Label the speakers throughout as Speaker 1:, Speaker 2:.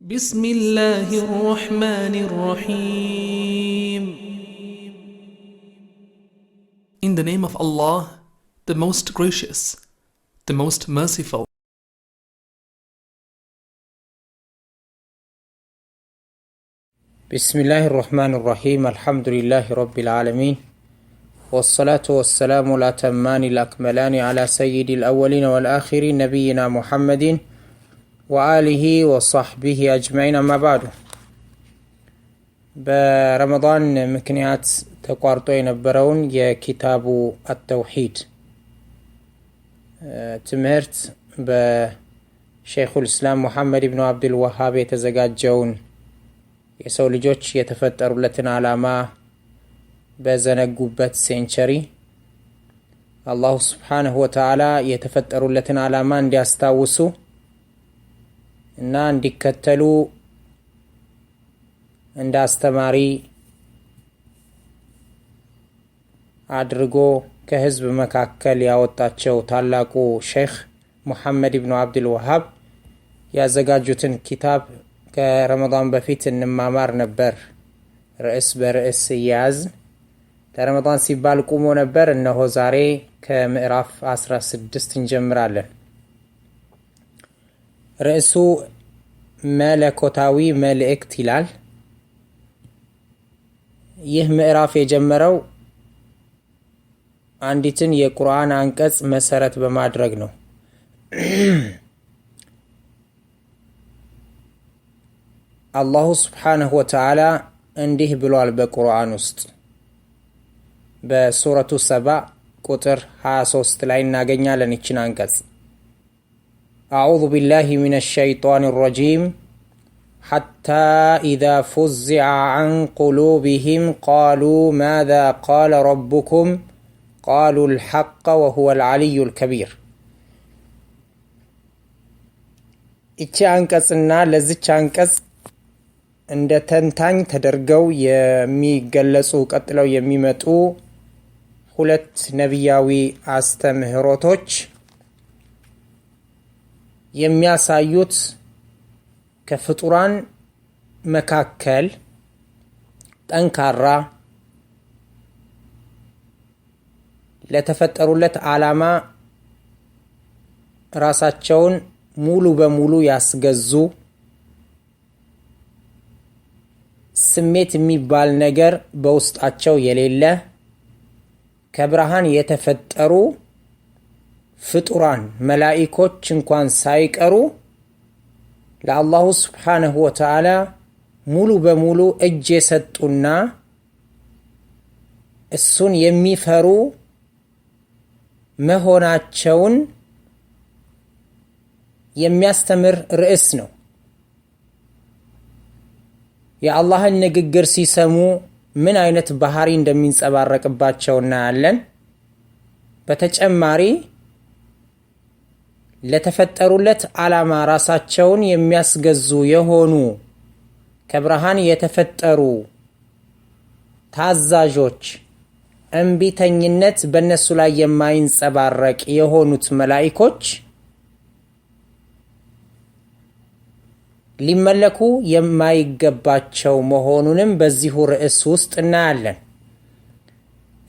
Speaker 1: بسم الله الرحمن الرحيم In the name of Allah, the most gracious, the most merciful.
Speaker 2: بسم الله الرحمن الرحيم الحمد لله رب العالمين والصلاة والسلام الأتمان الأكملان على سيد الأولين والآخرين نبينا محمد وآله وصحبه أجمعين أما بعد برمضان مكنيات تقارطو برون يا كتاب التوحيد آه، تمرت بشيخ الإسلام محمد بن عبد الوهاب يتزقاد جون يسول جوتش يتفتر لتنا على ما بزن قبت سينشري الله سبحانه وتعالى يتفتر لتنا على ما اندي أستاوسو እና እንዲከተሉ እንደ አስተማሪ አድርጎ ከህዝብ መካከል ያወጣቸው ታላቁ ሼክ ሙሐመድ ብኑ አብድል ወሃብ ያዘጋጁትን ኪታብ ከረመዳን በፊት እንማማር ነበር። ርዕስ በርዕስ እያያዝን ለረመዳን ሲባል ቁሞ ነበር። እነሆ ዛሬ ከምዕራፍ 16 እንጀምራለን። ርዕሱ መለኮታዊ መልእክት ይላል። ይህ ምዕራፍ የጀመረው አንዲትን የቁርአን አንቀጽ መሰረት በማድረግ ነው። አላሁ ስብሓንሁ ወተዓላ እንዲህ ብሏል በቁርአን ውስጥ በሱረቱ ሰባ ቁጥር 23 ላይ እናገኛለን ይችን አንቀጽ أعوذ بالله من الشيطان الرجيم حتى إذا فزع عن قلوبهم قالوا ماذا قال ربكم قالوا الحق وهو العلي الكبير ይቺ አንቀጽና ለዚች አንቀጽ እንደ ተንታኝ ተደርገው የሚገለጹ ቀጥለው متو خلت نبياوي አስተምህሮቶች የሚያሳዩት ከፍጡራን መካከል ጠንካራ ለተፈጠሩለት ዓላማ ራሳቸውን ሙሉ በሙሉ ያስገዙ ስሜት የሚባል ነገር በውስጣቸው የሌለ ከብርሃን የተፈጠሩ ፍጡራን መላኢኮች እንኳን ሳይቀሩ ለአላሁ ስብሓነሁ ወተዓላ ሙሉ በሙሉ እጅ የሰጡና እሱን የሚፈሩ መሆናቸውን የሚያስተምር ርዕስ ነው። የአላህን ንግግር ሲሰሙ ምን አይነት ባህሪ እንደሚንጸባረቅባቸው እናያለን። በተጨማሪ ለተፈጠሩለት ዓላማ ራሳቸውን የሚያስገዙ የሆኑ ከብርሃን የተፈጠሩ ታዛዦች እምቢተኝነት በእነሱ ላይ የማይንጸባረቅ የሆኑት መላይኮች ሊመለኩ የማይገባቸው መሆኑንም በዚሁ ርዕስ ውስጥ እናያለን።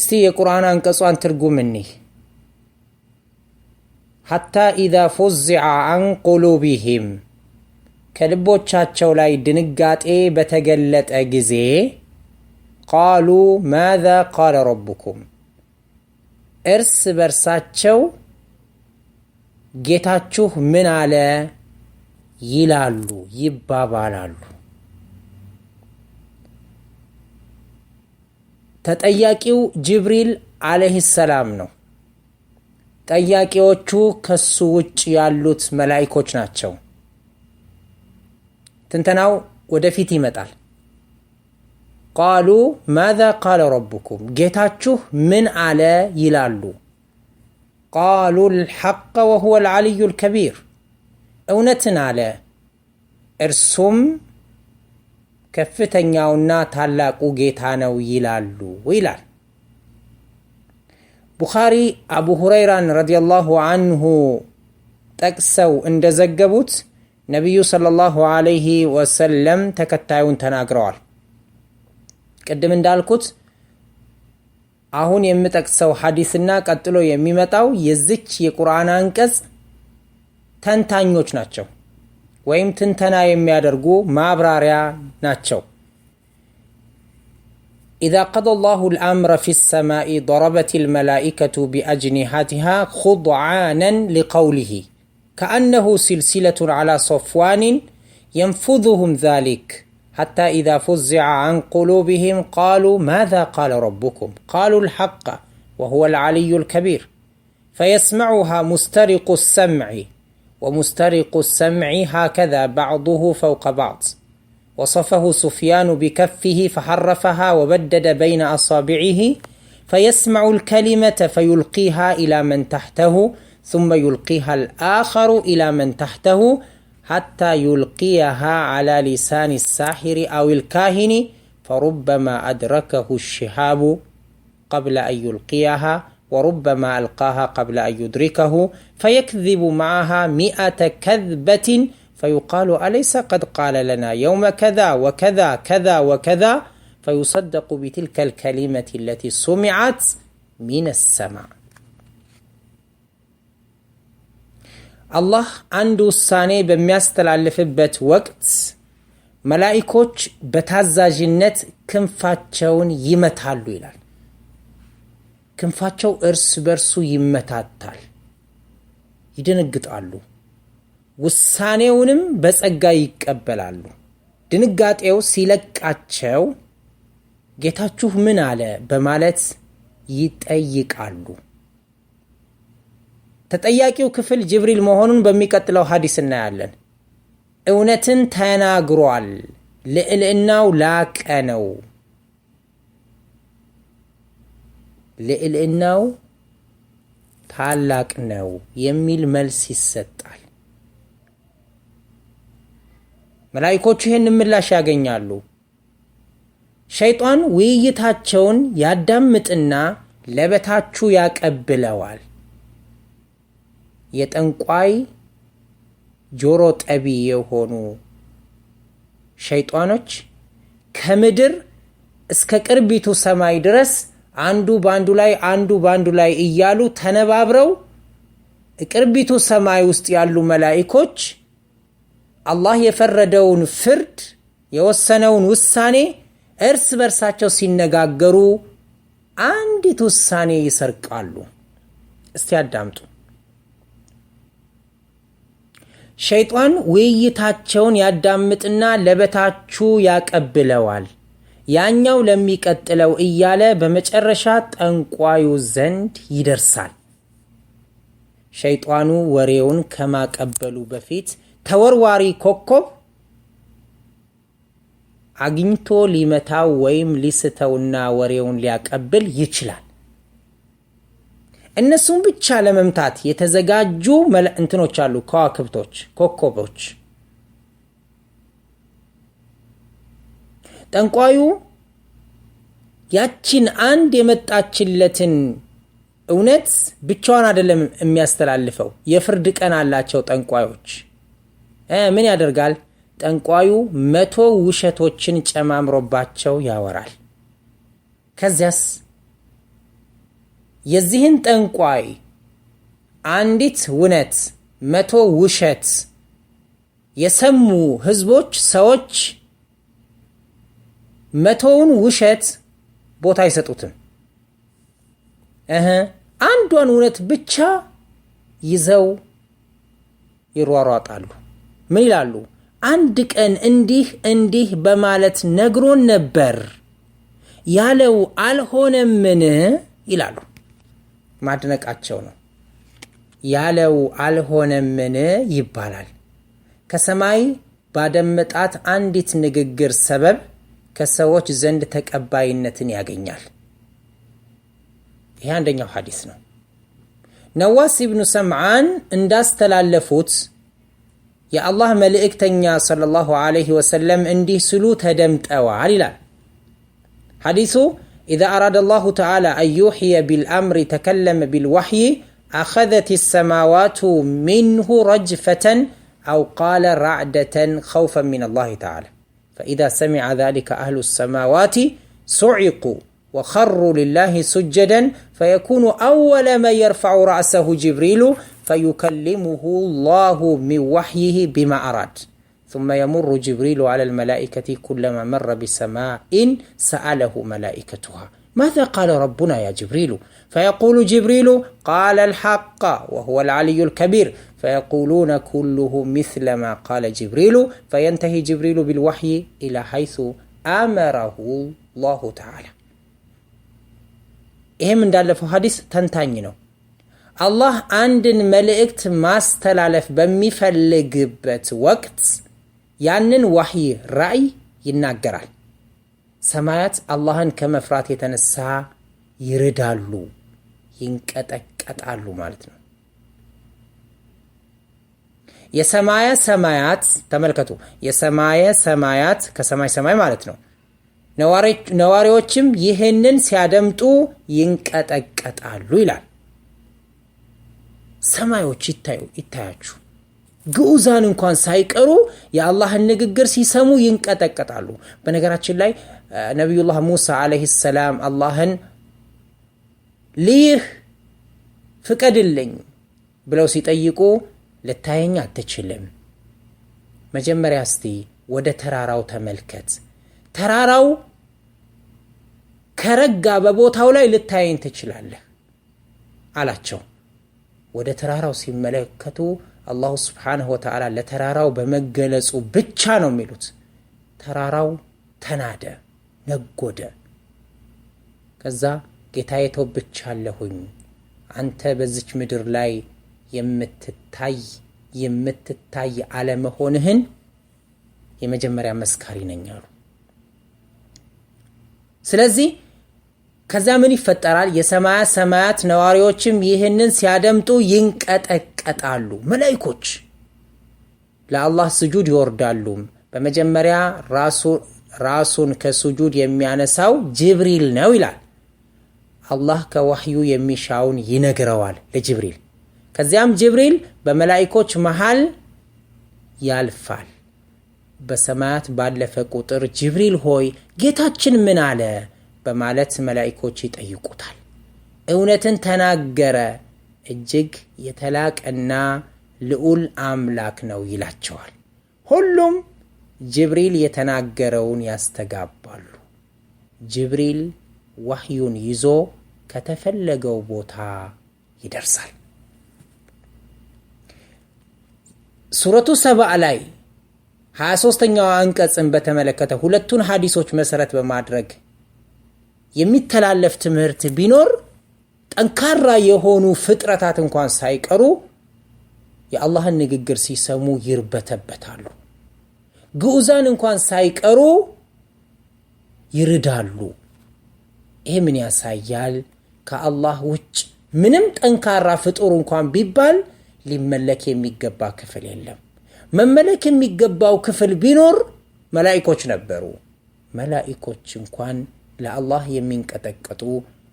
Speaker 2: እስቲ የቁርአን አንቀጿን ትርጉም እኒህ ሐታ ኢዛ ፉዚዐ አን ቁሉቢሂም ከልቦቻቸው ላይ ድንጋጤ በተገለጠ ጊዜ ቃሉ ማዛ ቃለ ረቡኩም እርስ በርሳቸው ጌታችሁ ምን አለ ይላሉ፣ ይባባላሉ። ተጠያቂው ጅብሪል አለይህ ሰላም ነው። ጠያቂዎቹ ከሱ ውጭ ያሉት መላይኮች ናቸው። ትንተናው ወደፊት ይመጣል። ቃሉ ማዛ ቃለ ረቡኩም ጌታችሁ ምን አለ ይላሉ። ቃሉ ልሐቀ ወሁወ ልዓልዩ ልከቢር እውነትን አለ እርሱም ከፍተኛውና ታላቁ ጌታ ነው ይላሉ ይላል። ቡኻሪ አቡ ሁረይራን ረዲያላሁ አንሁ ጠቅሰው እንደዘገቡት ነቢዩ ሰለላሁ አለይሂ ወሰለም ተከታዩን ተናግረዋል። ቅድም እንዳልኩት አሁን የምጠቅሰው ሐዲስና ቀጥሎ የሚመጣው የዚች የቁርአን አንቀጽ ተንታኞች ናቸው፣ ወይም ትንተና የሚያደርጉ ማብራሪያ ናቸው። إذا قضى الله الأمر في السماء ضربت الملائكة بأجنحتها خضعانا لقوله كأنه سلسلة على صفوان ينفذهم ذلك حتى إذا فزع عن قلوبهم قالوا ماذا قال ربكم قالوا الحق وهو العلي الكبير فيسمعها مسترق السمع ومسترق السمع هكذا بعضه فوق بعض وصفه سفيان بكفه فحرفها وبدد بين اصابعه فيسمع الكلمه فيلقيها الى من تحته ثم يلقيها الاخر الى من تحته حتى يلقيها على لسان الساحر او الكاهن فربما ادركه الشهاب قبل ان يلقيها وربما القاها قبل ان يدركه فيكذب معها مئه كذبه فيقال أليس قد قال لنا يوم كذا وكذا كذا وكذا فيصدق بتلك الكلمة التي سمعت من السماء الله عنده الساني بمياستل على فبت وقت ملائكوش بتعزى جنة كنفاتشون يمتعلو إلال كنفاتشو إرس برسو يمتعتال يدنقت قالو ውሳኔውንም በጸጋ ይቀበላሉ። ድንጋጤው ሲለቃቸው ጌታችሁ ምን አለ በማለት ይጠይቃሉ። ተጠያቂው ክፍል ጅብሪል መሆኑን በሚቀጥለው ሀዲስ እናያለን። እውነትን ተናግሯል፣ ልዕልእናው ላቀ ነው፣ ልዕልእናው ታላቅ ነው የሚል መልስ ይሰጣል። መላይኮቹ ይህን ምላሽ ያገኛሉ። ሸይጣን ውይይታቸውን ያዳምጥና ለበታቹ ያቀብለዋል። የጠንቋይ ጆሮ ጠቢ የሆኑ ሸይጣኖች ከምድር እስከ ቅርቢቱ ሰማይ ድረስ አንዱ ባንዱ ላይ አንዱ ባንዱ ላይ እያሉ ተነባብረው ቅርቢቱ ሰማይ ውስጥ ያሉ መላኢኮች አላህ የፈረደውን ፍርድ የወሰነውን ውሳኔ እርስ በርሳቸው ሲነጋገሩ አንዲት ውሳኔ ይሰርቃሉ። እስቲ አዳምጡ። ሸይጣን ውይይታቸውን ያዳምጥና ለበታቹ ያቀብለዋል፣ ያኛው ለሚቀጥለው እያለ በመጨረሻ ጠንቋዩ ዘንድ ይደርሳል። ሸይጣኑ ወሬውን ከማቀበሉ በፊት ተወርዋሪ ኮከብ አግኝቶ ሊመታው ወይም ሊስተውና ወሬውን ሊያቀብል ይችላል። እነሱን ብቻ ለመምታት የተዘጋጁ እንትኖች አሉ፣ ከዋክብቶች፣ ኮከቦች። ጠንቋዩ ያችን አንድ የመጣችለትን እውነት ብቻዋን አይደለም የሚያስተላልፈው። የፍርድ ቀን አላቸው ጠንቋዮች። ምን ያደርጋል? ጠንቋዩ መቶ ውሸቶችን ጨማምሮባቸው ያወራል። ከዚያስ የዚህን ጠንቋይ አንዲት እውነት መቶ ውሸት የሰሙ ህዝቦች ሰዎች መቶውን ውሸት ቦታ አይሰጡትም። አንዷን እውነት ብቻ ይዘው ይሯሯጣሉ። ምን ይላሉ? አንድ ቀን እንዲህ እንዲህ በማለት ነግሮን ነበር ያለው አልሆነምን? ይላሉ። ማድነቃቸው ነው። ያለው አልሆነምን ይባላል። ከሰማይ ባደመጣት አንዲት ንግግር ሰበብ ከሰዎች ዘንድ ተቀባይነትን ያገኛል። ይሄ አንደኛው ሐዲስ ነው። ነዋስ ብኑ ሰምዓን እንዳስተላለፉት يا الله صلى الله عليه وسلم ወሰለም سلوت هدمت او ይላል حديث إذا أراد الله تعالى أن يوحي بالأمر تكلم بالوحي أخذت السماوات منه رجفة أو قال رعدة خوفا من الله تعالى فإذا سمع ذلك أهل السماوات صعقوا وخروا لله سجدا فيكون أول ما يرفع رأسه جبريل فيكلمه الله من وحيه بما أراد ثم يمر جبريل على الملائكة كلما مر بسماء سأله ملائكتها ماذا قال ربنا يا جبريل فيقول جبريل قال الحق وهو العلي الكبير فيقولون كله مثل ما قال جبريل فينتهي جبريل بالوحي إلى حيث أمره الله تعالى ይህም እንዳለፈው ሀዲስ ተንታኝ تنتانينو አላህ አንድን መልእክት ማስተላለፍ በሚፈልግበት ወቅት ያንን ዋህይ ራእይ ይናገራል። ሰማያት አላህን ከመፍራት የተነሳ ይርዳሉ፣ ይንቀጠቀጣሉ ማለት ነው። የሰማየ ሰማያት ተመልከቱ። የሰማየ ሰማያት ከሰማይ ሰማይ ማለት ነው። ነዋሪዎችም ይህንን ሲያደምጡ ይንቀጠቀጣሉ ይላል። ሰማዮች ይታዩ ይታያችሁ። ግዑዛን እንኳን ሳይቀሩ የአላህን ንግግር ሲሰሙ ይንቀጠቀጣሉ። በነገራችን ላይ ነቢዩላህ ሙሳ ዓለይሂ ሰላም አላህን ልይህ ፍቀድልኝ ብለው ሲጠይቁ ልታየኝ አትችልም፣ መጀመሪያ እስቲ ወደ ተራራው ተመልከት፣ ተራራው ከረጋ በቦታው ላይ ልታየኝ ትችላለህ አላቸው። ወደ ተራራው ሲመለከቱ አላሁ ስብሓንሁ ወተዓላ ለተራራው በመገለጹ ብቻ ነው የሚሉት። ተራራው ተናደ፣ ነጎደ። ከዛ ጌታዬ አለሁኝ አንተ በዚች ምድር ላይ የምትታይ የምትታይ አለመሆንህን የመጀመሪያ መስካሪ ነኝ አሉ። ስለዚህ ከዛ ምን ይፈጠራል? የሰማያት ሰማያት ነዋሪዎችም ይህንን ሲያደምጡ ይንቀጠቀጣሉ። መላይኮች ለአላህ ስጁድ ይወርዳሉም። በመጀመሪያ ራሱን ከስጁድ የሚያነሳው ጅብሪል ነው ይላል። አላህ ከዋህዩ የሚሻውን ይነግረዋል ለጅብሪል። ከዚያም ጅብሪል በመላይኮች መሃል ያልፋል። በሰማያት ባለፈ ቁጥር ጅብሪል ሆይ ጌታችን ምን አለ በማለት መላይኮች ይጠይቁታል። እውነትን ተናገረ፣ እጅግ የተላቀና ልዑል አምላክ ነው ይላቸዋል። ሁሉም ጅብሪል የተናገረውን ያስተጋባሉ። ጅብሪል ዋህዩን ይዞ ከተፈለገው ቦታ ይደርሳል። ሱረቱ ሰባ ላይ 23ኛው አንቀጽን በተመለከተ ሁለቱን ሀዲሶች መሰረት በማድረግ የሚተላለፍ ትምህርት ቢኖር ጠንካራ የሆኑ ፍጥረታት እንኳን ሳይቀሩ የአላህን ንግግር ሲሰሙ ይርበተበታሉ። ግዑዛን እንኳን ሳይቀሩ ይርዳሉ። ይሄ ምን ያሳያል? ከአላህ ውጭ ምንም ጠንካራ ፍጡር እንኳን ቢባል ሊመለክ የሚገባ ክፍል የለም። መመለክ የሚገባው ክፍል ቢኖር መላይኮች ነበሩ። መላኢኮች እንኳን ለአላህ የሚንቀጠቀጡ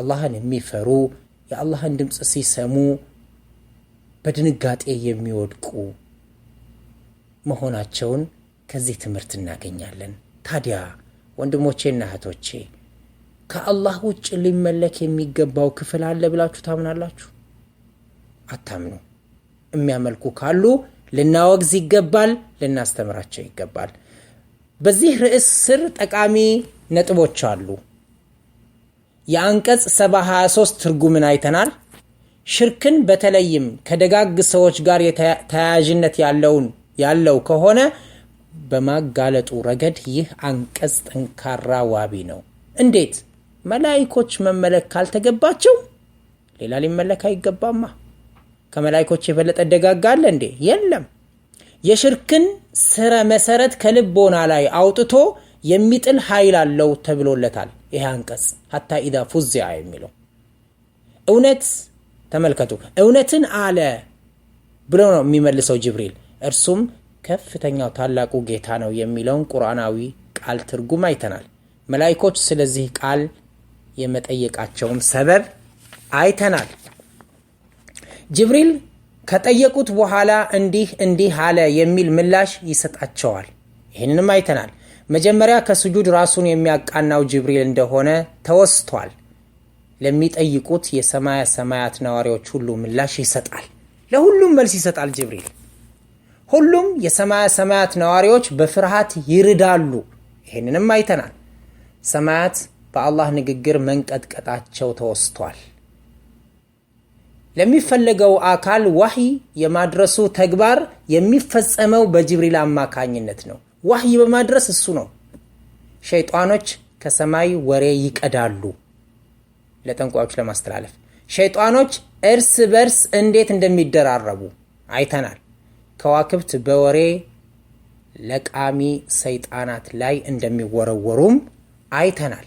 Speaker 2: አላህን የሚፈሩ የአላህን ድምፅ ሲሰሙ በድንጋጤ የሚወድቁ መሆናቸውን ከዚህ ትምህርት እናገኛለን። ታዲያ ወንድሞቼና እህቶቼ ከአላህ ውጭ ሊመለክ የሚገባው ክፍል አለ ብላችሁ ታምናላችሁ? አታምኑ። የሚያመልኩ ካሉ ልናወግዝ ይገባል፣ ልናስተምራቸው ይገባል። በዚህ ርዕስ ስር ጠቃሚ ነጥቦች አሉ። የአንቀጽ 723 ትርጉምን አይተናል። ሽርክን በተለይም ከደጋግ ሰዎች ጋር ተያያዥነት ያለውን ያለው ከሆነ በማጋለጡ ረገድ ይህ አንቀጽ ጠንካራ ዋቢ ነው። እንዴት? መላይኮች መመለክ ካልተገባቸው ሌላ ሊመለክ አይገባማ። ከመላይኮች የበለጠ ደጋጋ አለ እንዴ? የለም። የሽርክን ስረ መሰረት ከልቦና ላይ አውጥቶ የሚጥል ኃይል አለው ተብሎለታል። ይህ አንቀጽ ሀታ ኢዛ ፉዚያ የሚለው እውነት ተመልከቱ፣ እውነትን አለ ብሎ ነው የሚመልሰው ጅብሪል። እርሱም ከፍተኛው ታላቁ ጌታ ነው የሚለውን ቁርአናዊ ቃል ትርጉም አይተናል። መላይኮች ስለዚህ ቃል የመጠየቃቸውን ሰበብ አይተናል። ጅብሪል ከጠየቁት በኋላ እንዲህ እንዲህ አለ የሚል ምላሽ ይሰጣቸዋል። ይህንንም አይተናል። መጀመሪያ ከስጁድ ራሱን የሚያቃናው ጅብሪል እንደሆነ ተወስቷል። ለሚጠይቁት የሰማያ ሰማያት ነዋሪዎች ሁሉ ምላሽ ይሰጣል። ለሁሉም መልስ ይሰጣል ጅብሪል። ሁሉም የሰማያ ሰማያት ነዋሪዎች በፍርሃት ይርዳሉ። ይህንንም አይተናል። ሰማያት በአላህ ንግግር መንቀጥቀጣቸው ተወስቷል። ለሚፈለገው አካል ዋህይ የማድረሱ ተግባር የሚፈጸመው በጅብሪል አማካኝነት ነው። ዋህይ በማድረስ እሱ ነው። ሸይጣኖች ከሰማይ ወሬ ይቀዳሉ ለጠንቋዮች ለማስተላለፍ። ሸይጣኖች እርስ በርስ እንዴት እንደሚደራረቡ አይተናል። ከዋክብት በወሬ ለቃሚ ሰይጣናት ላይ እንደሚወረወሩም አይተናል።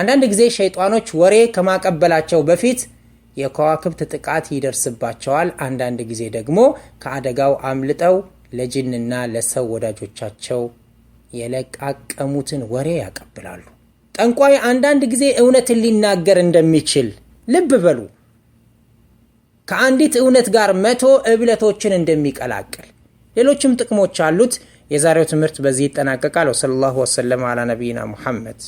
Speaker 2: አንዳንድ ጊዜ ሸይጣኖች ወሬ ከማቀበላቸው በፊት የከዋክብት ጥቃት ይደርስባቸዋል። አንዳንድ ጊዜ ደግሞ ከአደጋው አምልጠው ለጅንና ለሰው ወዳጆቻቸው የለቃቀሙትን ወሬ ያቀብላሉ። ጠንቋይ አንዳንድ ጊዜ እውነትን ሊናገር እንደሚችል ልብ በሉ። ከአንዲት እውነት ጋር መቶ እብለቶችን እንደሚቀላቅል ሌሎችም ጥቅሞች አሉት። የዛሬው ትምህርት በዚህ ይጠናቀቃል። ወሰለላሁ ወሰለም አላ ነቢይና ሙሐመድ